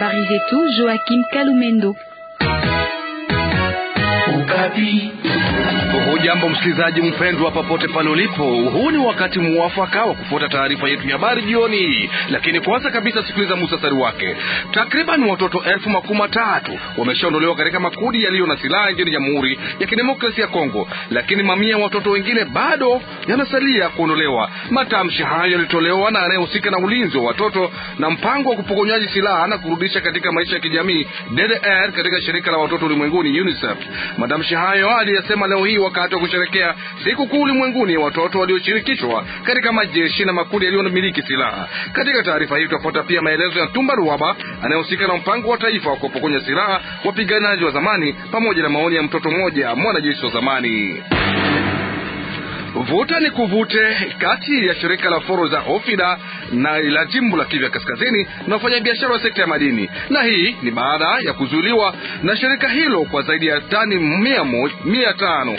À tout, Joachim Kalumendo Ukati. Hujambo msikilizaji mpendwa, popote pale ulipo, huu ni wakati muwafaka wa kufuata taarifa yetu ya habari jioni. Lakini kwanza kabisa, sikiliza musasari wake. Takriban watoto elfu makumi tatu wameshaondolewa katika makundi yaliyo na silaha nchini Jamhuri ya Kidemokrasia ya Kongo, lakini mamia ya watoto wengine bado yanasalia kuondolewa. Matamshi hayo yalitolewa na anayehusika na ulinzi wa watoto na mpango wa kupokonyaji silaha na kurudisha katika maisha ya kijamii DDR katika shirika la watoto ulimwenguni UNICEF. Matamshi hayo aliyasema leo hii wakati wa kusherekea sikukuu ulimwenguni ya watoto walioshirikishwa katika majeshi na makundi yaliyomiliki silaha. Katika taarifa hii tutafuata pia maelezo ya Tumba Ruaba anayehusika na mpango wa taifa wa kuwapokonya silaha wapiganaji wa zamani pamoja na maoni ya mtoto mmoja mwanajeshi wa zamani. Vuta ni kuvute kati ya shirika la foro za Ofida na la jimbo la kivya Kaskazini na wafanyabiashara wa sekta ya madini, na hii ni baada ya kuzuliwa na shirika hilo kwa zaidi ya tani mia, mo, mia tano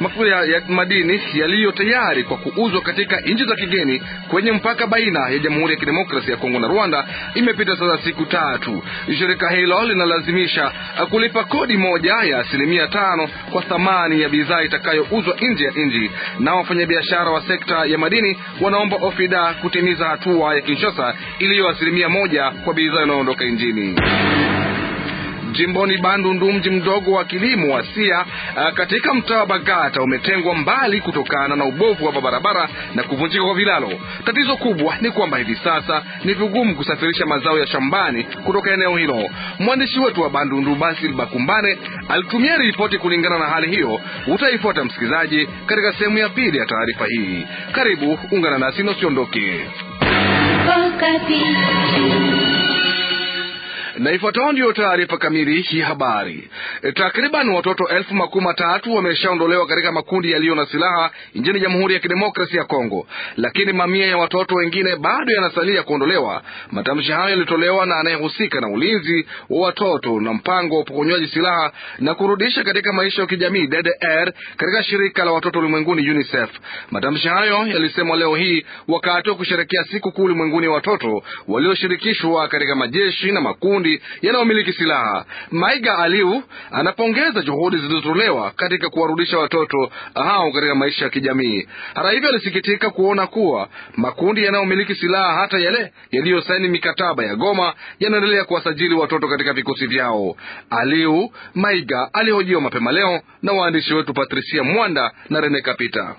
mafuta ya, ya madini yaliyo tayari kwa kuuzwa katika nchi za kigeni kwenye mpaka baina ya Jamhuri ya Kidemokrasia ya Kongo na Rwanda. Imepita sasa siku tatu. Shirika hilo linalazimisha kulipa kodi moja ya asilimia tano kwa thamani ya bidhaa itakayouzwa nje ya nchi na na wafanyabiashara wa sekta ya madini wanaomba ofida kutimiza hatua ya Kinshasa iliyo asilimia moja kwa bidhaa inayoondoka injini. Jimboni Bandundu, mji mdogo wa kilimo wa Sia eh, katika mtaa wa Bagata umetengwa mbali kutokana na ubovu wa barabara na kuvunjika kwa vilalo. Tatizo kubwa ni kwamba hivi sasa ni vigumu kusafirisha mazao ya shambani kutoka eneo hilo. Mwandishi wetu wa Bandundu, Basil Bakumbane, alitumia ripoti kulingana na hali hiyo. Utaifuata msikilizaji, katika sehemu ya pili ya taarifa hii. Karibu ungana nasi na usiondoke na ifuatao ndiyo taarifa kamili ya habari. Takriban watoto elfu makumi matatu wameshaondolewa katika makundi yaliyo na silaha nchini Jamhuri ya Kidemokrasia ya Kongo, lakini mamia ya watoto wengine bado yanasalia kuondolewa. Matamshi hayo yalitolewa na anayehusika na ulinzi wa watoto na mpango wa upokonywaji silaha na kurudisha katika maisha ya kijamii DDR katika shirika la watoto ulimwenguni UNICEF. Matamshi hayo yalisemwa leo hii wakati wa kusherekea siku kuu ulimwenguni ya watoto walioshirikishwa katika majeshi na makundi makundi yanayomiliki silaha. Maiga Aliu anapongeza juhudi zilizotolewa katika kuwarudisha watoto hao katika maisha ya kijamii. Hata hivyo, alisikitika kuona kuwa makundi yanayomiliki silaha, hata yale yaliyosaini mikataba ya Goma, yanaendelea kuwasajili watoto katika vikosi vyao. Aliu Maiga alihojiwa mapema leo na waandishi wetu Patricia Mwanda na Rene Kapita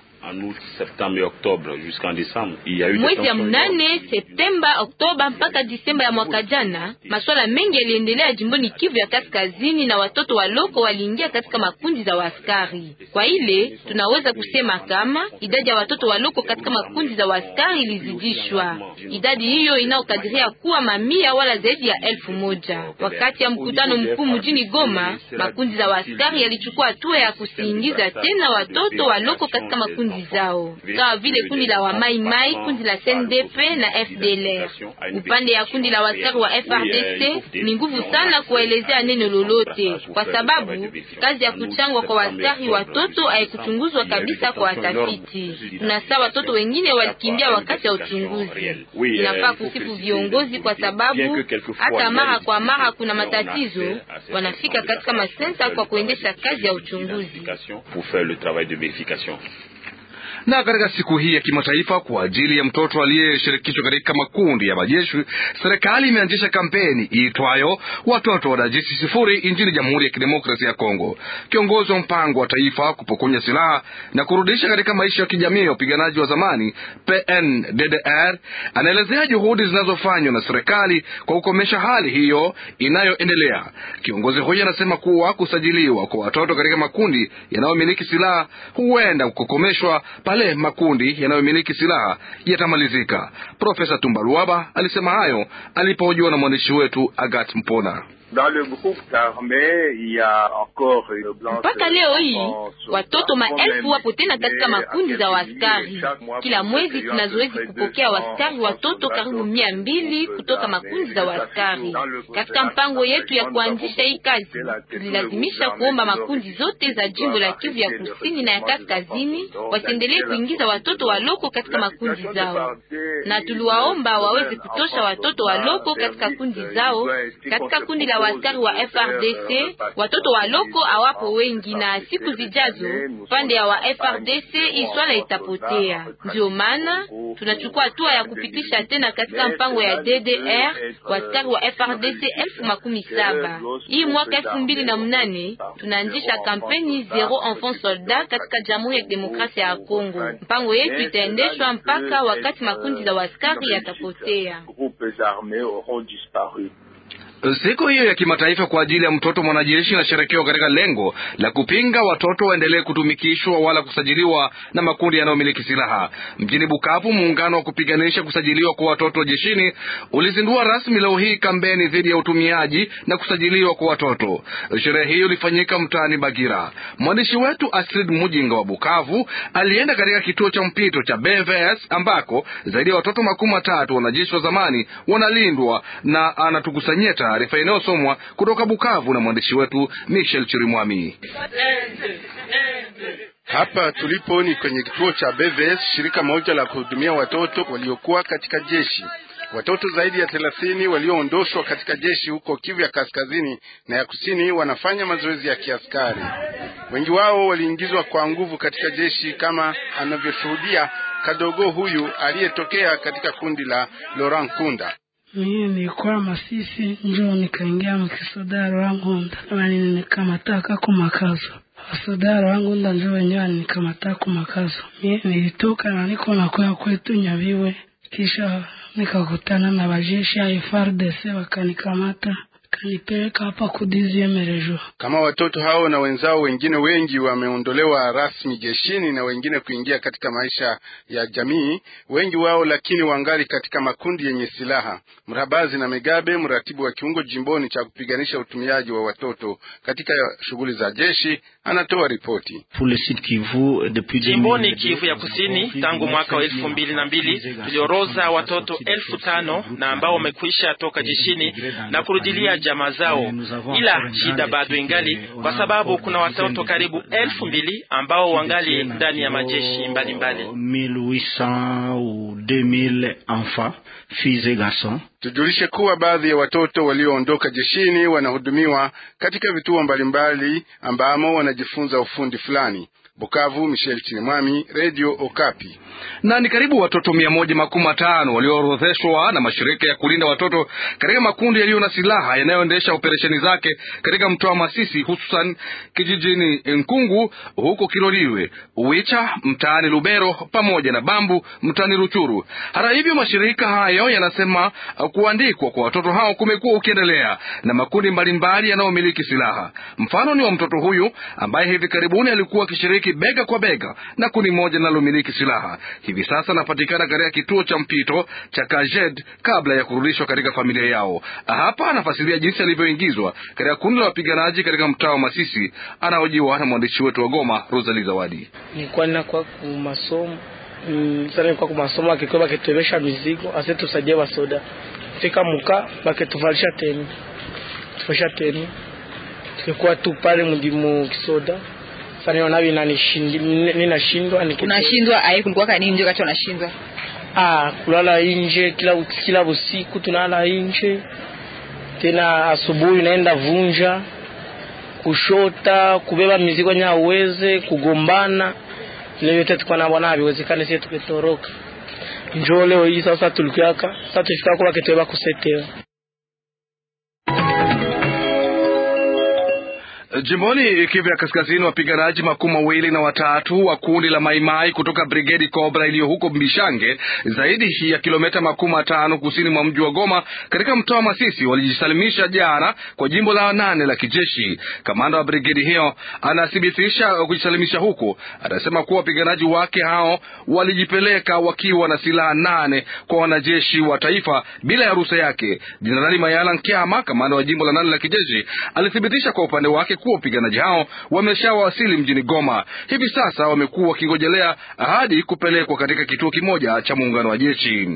mwezi ya mnane Septemba, Oktoba mpaka Disemba ya mwaka jana, masuala mengi yaliendelea jimboni Kivu ya Kaskazini, na watoto waloko waliingia katika makundi za waskari. Kwa ile tunaweza kusema kama idadi ya watoto waloko katika makundi za waskari ilizidishwa. Idadi hiyo inaokadiria kuwa mamia wala zaidi ya elfu moja. Wakati ya mkutano mkuu mjini Goma, makundi za ya yalichukua hatua ya kusiingiza tena watoto waloko katika makundi kundi zao kama vile kundi la wamaimai, kundi la CNDP na FDLR. Upande ya kundi la waskari wa FRDC ni nguvu sana kuwaelezea neno lolote, kwa sababu kazi ya kuchangwa kwa waskari watoto haikuchunguzwa kabisa kwa watafiti. Tunasa watoto wengine walikimbia wakati ya uchunguzi. Tunafaa kusifu viongozi, kwa sababu hata mara kwa mara kuna matatizo, wanafika katika masensa kwa kuendesha kazi ya uchunguzi. Na katika siku hii ya kimataifa kwa ajili ya mtoto aliyeshirikishwa katika makundi ya majeshi, serikali imeanzisha kampeni iitwayo watoto wa wanajeshi sifuri nchini Jamhuri ya Kidemokrasia ya Kongo. Kiongozi wa mpango wa taifa kupokonya silaha na kurudisha katika maisha ya kijamii ya wapiganaji wa zamani PNDDR anaelezea juhudi zinazofanywa na serikali kwa kukomesha hali hiyo inayoendelea. Kiongozi huyo anasema kuwa kusajiliwa kwa watoto katika makundi yanayomiliki silaha huenda kukomeshwa pale makundi yanayomiliki silaha yatamalizika. Profesa tumbaluaba alisema hayo alipohojiwa na mwandishi wetu Agat Mpona. Mpaka leo hii watoto maelfu wapo na katika makundi za waaskari. Kila mwezi tunazoezi kupokea waskari watoto karibu mia mbili kutoka makundi za waskari Katika mpango yetu ya kuanzisha hii kazi, tulilazimisha kuomba makundi zote za jimbo la Kivu ya kusini na ya kaskazini wasiendelee kuingiza watoto waloko katika makundi zao, na tuliwaomba waweze kutosha watoto waloko katika kundi zao katika kundi la askari wa FRDC, watoto waloko awapo wengi, na siku zijazo pande ya wa FRDC iswala itapotea. Ndio maana tunachukua hatua ya kupitisha tena katika mpango ya DDR waskari wa FRDC elfu makumi saba hii mwaka elfu mbili na mnane. Tunaanzisha kampeni zero enfant soldat katika Jamhuri ya Demokrasia ya Kongo. Mpango yetu itaendeshwa mpaka wakati makundi za waskari yatapotea. Eh, siku hiyo ya kimataifa kwa ajili ya mtoto mwanajeshi inasherekewa katika lengo la kupinga watoto waendelee kutumikishwa wala kusajiliwa na makundi yanayomiliki silaha. Mjini Bukavu, muungano wa kupiganisha kusajiliwa kwa watoto jeshini ulizindua rasmi leo hii kampeni dhidi ya utumiaji na kusajiliwa kwa watoto. Sherehe hiyo ilifanyika mtaani Bagira. Mwandishi wetu Astrid Mujinga wa Bukavu alienda katika kituo cha mpito cha BVS ambako zaidi ya watoto makumi matatu wanajeshi wa zamani wanalindwa na anatukusanyia taarifa inayosomwa kutoka Bukavu na mwandishi wetu Michel Chirimwami. Hapa tulipo ni kwenye kituo cha BVS, shirika moja la kuhudumia watoto waliokuwa katika jeshi. Watoto zaidi ya thelathini walioondoshwa katika jeshi huko Kivu ya kaskazini na ya kusini wanafanya mazoezi ya kiaskari. Wengi wao waliingizwa kwa nguvu katika jeshi, kama anavyoshuhudia kadogo huyu aliyetokea katika kundi la Laurent Kunda mimi kwa masisi njoo nikaingia mkisodaro wangu nda yani nikamataka kumakazo wasudaro wangu nda njo wenyewe nikamataka kumakazo mimi nilitoka na niko kwa kwetu Nyaviwe kisha nikakutana na bajeshi ya FARDC wakanikamata Kalipeleka hapa Kudizie Merejo. Kama watoto hao na wenzao wengine wengi wameondolewa rasmi jeshini na wengine kuingia katika maisha ya jamii, wengi wao lakini wangali katika makundi yenye silaha. Mrabazi na Megabe, mratibu wa kiungo jimboni cha kupiganisha utumiaji wa watoto katika shughuli za jeshi, anatoa ripoti. Jimboni Kivu ya Kusini, tangu mwaka wa elfu mbili na mbili tulioroza watoto elfu tano na ambao wamekwisha toka jeshini na kurudilia jamaa zao, ila shida bado ingali, kwa sababu kuna watoto karibu elfu mbili ambao wangali ndani ya majeshi mbalimbali mbali. Tujulishe kuwa baadhi ya watoto walioondoka jeshini wanahudumiwa katika vituo mbalimbali ambamo wanajifunza ufundi fulani. Bukavu, Michel Chinemwami, Radio Okapi. Na ni karibu watoto mia moja makumi matano walioorodheshwa na mashirika ya kulinda watoto katika makundi yaliyo na silaha yanayoendesha operesheni zake katika mtaa wa Masisi, hususan kijijini Nkungu, huko Kiloliwe, Uwicha mtaani Lubero pamoja na Bambu mtaani Ruchuru. Hata hivyo, mashirika hayo yanasema kuandikwa kwa watoto hao kumekuwa ukiendelea na makundi mbalimbali yanayomiliki silaha. Mfano ni wa mtoto huyu ambaye hivi karibuni alikuwa akishiriki Marekani bega kwa bega na kundi moja linalomiliki silaha. Hivi sasa anapatikana katika kituo cha mpito cha Kajed kabla ya kurudishwa katika familia yao. Hapa anafasiria jinsi alivyoingizwa katika kundi la wapiganaji katika mtaa wa Masisi, anahojiwa na mwandishi wetu wa Goma, Rosali Zawadi. Mm, sana ni kwa kumasomo akikuwa bakitubesha mizigo ase tusaidie basoda fika muka bakituvalisha teni tuvalisha teni tukikuwa tu pale mdimu kisoda sasa niona hivi ninashindwa unashindwa ai kulikuwa kani nje kati unashindwa ah kulala nje kila kila usiku tunalala nje tena asubuhi naenda vunja kushota kubeba mizigo nya uweze kugombana ile yote tuko na bwana habiwezekani sisi tukitoroka njoo leo hii sasa tulikiaka sasa tufika kwa kitu ya kusetea Jimboni Kivu ya Kaskazini, wapiganaji makumi mawili na watatu wa kundi la Maimai kutoka Brigedi Cobra iliyo huko Mbishange, zaidi ya kilometa makumi matano kusini mwa mji wa Goma, katika mtaa wa Masisi, walijisalimisha jana kwa jimbo la nane la kijeshi. Kamanda wa brigedi hiyo anathibitisha kujisalimisha huku, anasema kuwa wapiganaji wake hao walijipeleka wakiwa na silaha nane kwa wanajeshi wa taifa bila ya ruhusa yake. Jenerali Mayala Nkyama, kamanda wa jimbo la nane la kijeshi, alithibitisha kwa upande wake kuwa wapiganaji hao wameshawasili mjini Goma. Hivi sasa wamekuwa wakingojelea hadi kupelekwa katika kituo kimoja cha muungano wa jeshi.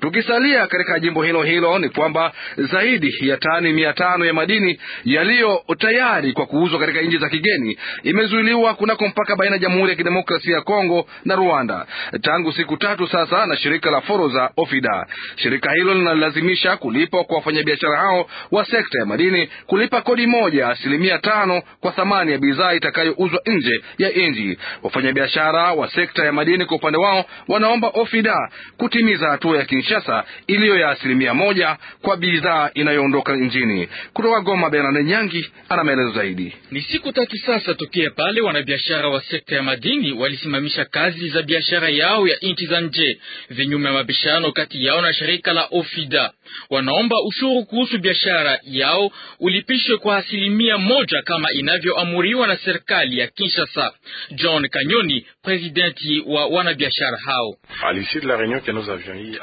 Tukisalia katika jimbo hilo hilo, ni kwamba zaidi ya tani mia tano ya madini yaliyo tayari kwa kuuzwa katika nchi za kigeni imezuiliwa kunako mpaka baina ya Jamhuri ya Kidemokrasia ya Kongo na Rwanda tangu siku tatu sasa na shirika la Foroza Ofida. Shirika hilo linalazimisha kulipa kwa wafanyabiashara hao wa sekta ya madini kulipa kodi moja asilimia tano tano kwa thamani ya bidhaa itakayouzwa nje ya nchi. Wafanyabiashara wa sekta ya madini kwa upande wao wanaomba OFIDA kutimiza hatua ya Kinshasa iliyo ya asilimia moja kwa bidhaa inayoondoka nchini. Kutoka Goma, Bernard Nyangi ana maelezo zaidi. Ni siku tatu sasa tokea pale wanabiashara wa sekta ya madini walisimamisha kazi za biashara yao ya nchi za nje vinyume ya mabishano kati yao na shirika la OFIDA. Wanaomba ushuru kuhusu biashara yao ulipishwe kwa asilimia moja kama inavyoamuriwa na serikali ya Kinshasa. John Kanyoni, presidenti wa wanabiashara hao: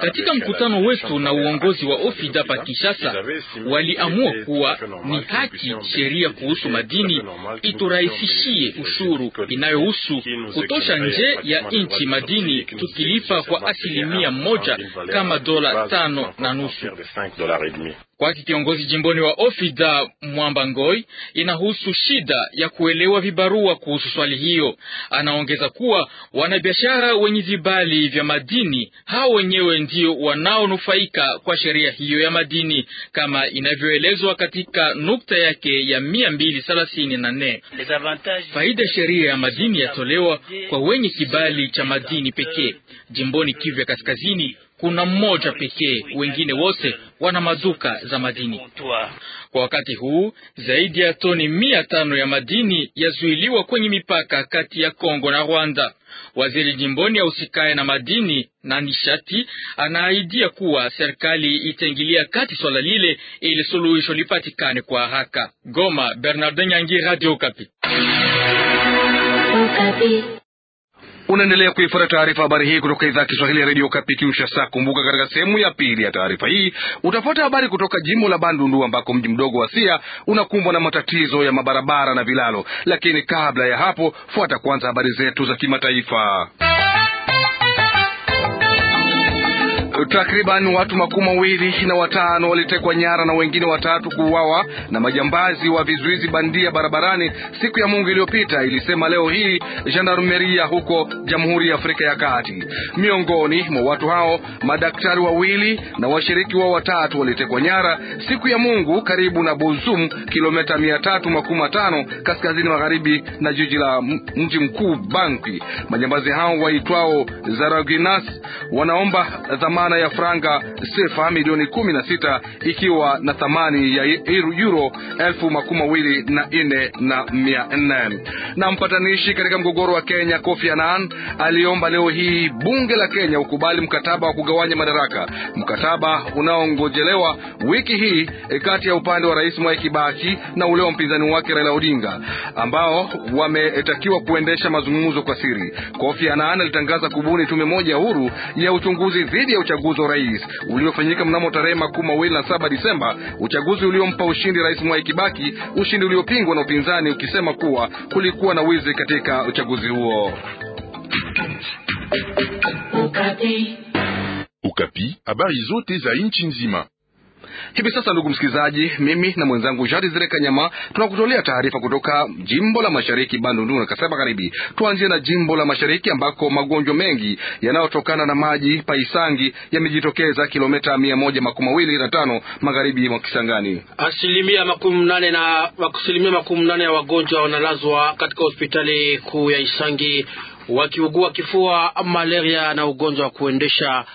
katika mkutano wetu na uongozi wa ofida pa Kinshasa, waliamua kuwa ni haki sheria kuhusu madini iturahisishie ushuru inayohusu kutosha nje ya nchi madini, tukilipa kwa asilimia moja kama dola tano na nusu. Kwake kiongozi jimboni wa Ofida Mwamba Ngoi, inahusu shida ya kuelewa vibarua kuhusu swali hiyo. Anaongeza kuwa wanabiashara wenye vibali vya madini hao wenyewe ndio wanaonufaika kwa sheria hiyo ya madini kama inavyoelezwa katika nukta yake ya mia mbili thelathini na nne. Faida ya sheria ya madini yatolewa kwa wenye kibali cha madini pekee jimboni Kivu ya Kaskazini kuna mmoja pekee, wengine wote wana mazuka za madini. Kwa wakati huu zaidi ya toni mia tano ya madini yazuiliwa kwenye mipaka kati ya Kongo na Rwanda. Waziri jimboni ausikaye na madini na nishati anaahidia kuwa serikali itaingilia kati swala lile ili suluhisho lipatikane kwa haraka. Goma, Bernardin Nyangi, Radio Okapi. Oh, Unaendelea kuifuata taarifa habari hii kutoka idhaa ya Kiswahili ya redio Kapi Kinshasa. Kumbuka, katika sehemu ya pili ya taarifa hii utapata habari kutoka jimbo la Bandundu ambako mji mdogo wa Sia unakumbwa na matatizo ya mabarabara na vilalo. Lakini kabla ya hapo, fuata kwanza habari zetu za kimataifa. Takriban watu makumi mawili na watano walitekwa nyara na wengine watatu kuuawa na majambazi wa vizuizi bandia barabarani siku ya Mungu iliyopita, ilisema leo hii gendarmeria huko Jamhuri ya Afrika ya Kati. Miongoni mwa watu hao madaktari wawili na washiriki wao watatu walitekwa nyara siku ya Mungu karibu na Bozum, kilomita mia tatu makumi matano kaskazini magharibi na jiji la mji mkuu Bangui. Majambazi hao waitwao Zaraginas wanaomba dhamana dhamana ya franga sefa milioni kumi na sita ikiwa na thamani ya euro elfu makumi mawili na nne na mia nne. Na mpatanishi katika mgogoro wa Kenya Kofi Annan aliomba leo hii bunge la Kenya ukubali mkataba wa kugawanya madaraka, mkataba unaongojelewa wiki hii eh, kati ya upande wa rais Mwai Kibaki na ule wa mpinzani wake Raila Odinga ambao wametakiwa kuendesha mazungumzo kwa siri. Kofi Annan alitangaza kubuni tume moja huru ya uchunguzi dhidi ya uchaguzi uchaguzi wa rais uliofanyika mnamo tarehe makumi mawili na saba Disemba, uchaguzi uliompa ushindi rais Mwai Kibaki, ushindi uliopingwa na upinzani ukisema kuwa kulikuwa na wizi katika uchaguzi huo. Ukapi, habari zote za nchi nzima Hivi sasa, ndugu msikilizaji, mimi na mwenzangu Jari Zireka Nyama tunakutolea taarifa kutoka jimbo la mashariki Bandundu na Kasaba Karibi. Tuanzie na jimbo la mashariki ambako magonjwa mengi yanayotokana na maji paisangi yamejitokeza, kilomita mia moja makumi mawili na tano magharibi mwa Kisangani. Asilimia makumi nane na asilimia makumi nane ya wagonjwa wanalazwa katika hospitali kuu ya Isangi wakiugua kifua, malaria na ugonjwa wa kuendesha,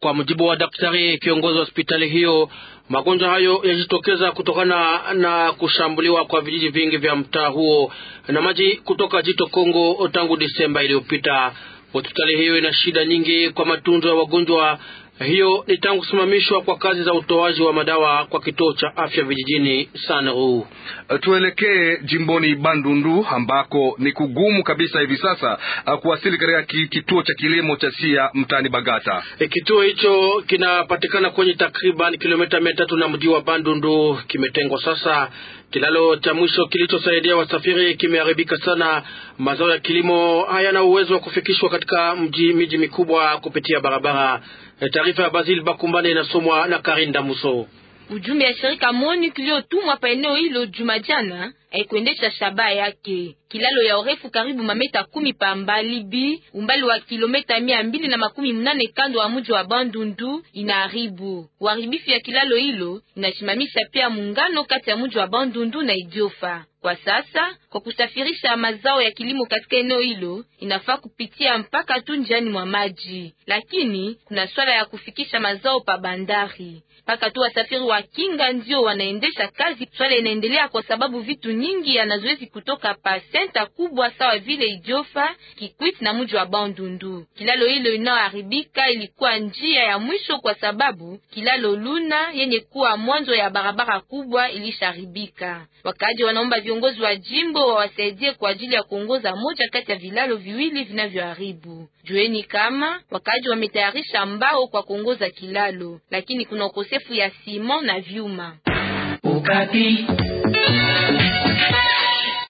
kwa mujibu wa daktari kiongozi wa hospitali hiyo. Magonjwa hayo yajitokeza kutokana na kushambuliwa kwa vijiji vingi vya mtaa huo na maji kutoka jito Kongo tangu Disemba iliyopita. Hospitali hiyo ina shida nyingi kwa matunzo ya wagonjwa hiyo ni tangu kusimamishwa kwa kazi za utoaji wa madawa kwa kituo cha afya vijijini Sanru. Tuelekee jimboni Bandundu ambako ni kugumu kabisa hivi sasa uh, kuwasili katika kituo cha kilimo cha Sia mtaani Bagata. E, kituo hicho kinapatikana kwenye takriban kilomita mia tatu na mji wa Bandundu, kimetengwa sasa. Kilalo cha mwisho kilichosaidia wasafiri kimeharibika sana. Mazao ya kilimo hayana uwezo wa kufikishwa katika mji miji mikubwa kupitia barabara Taarifa à Basile Bakumbane à na Karine Muso. Ujumbe ya shirika MONUC iliyotumwa pa eneo hilo juma jana haikuendesha eh, shabaha yake. Kilalo ya urefu karibu mameta kumi pa mbali bi umbali wa kilometa mia mbili na makumi mnane kando wa mji wa Bandundu inaharibu. Uharibifu ya kilalo hilo inasimamisha pia muungano kati ya mji wa Bandundu na Idiofa. Kwa sasa kwa kusafirisha mazao ya kilimo katika eneo hilo inafaa kupitia mpaka tu njiani mwa maji, lakini kuna swala ya kufikisha mazao pa bandari mpaka tu wasafiri wa kinga ndio wanaendesha kazi. Swala inaendelea kwa sababu vitu nyingi yanazoezi kutoka pa senta kubwa sawa vile Idiofa, Kikwit na mji wa Bandundu. Kilalo hilo inaoharibika ilikuwa njia ya mwisho, kwa sababu kilalo Luna yenye kuwa mwanzo ya barabara kubwa ilisharibika. Wakaaji wanaomba viongozi wa jimbo wawasaidie kwa ajili ya kuongoza moja kati ya vilalo viwili vinavyoharibu jueni kama wakaji wametayarisha mbao kwa kuongoza kilalo, lakini kuna ukosefu ya simo na vyuma Ukati.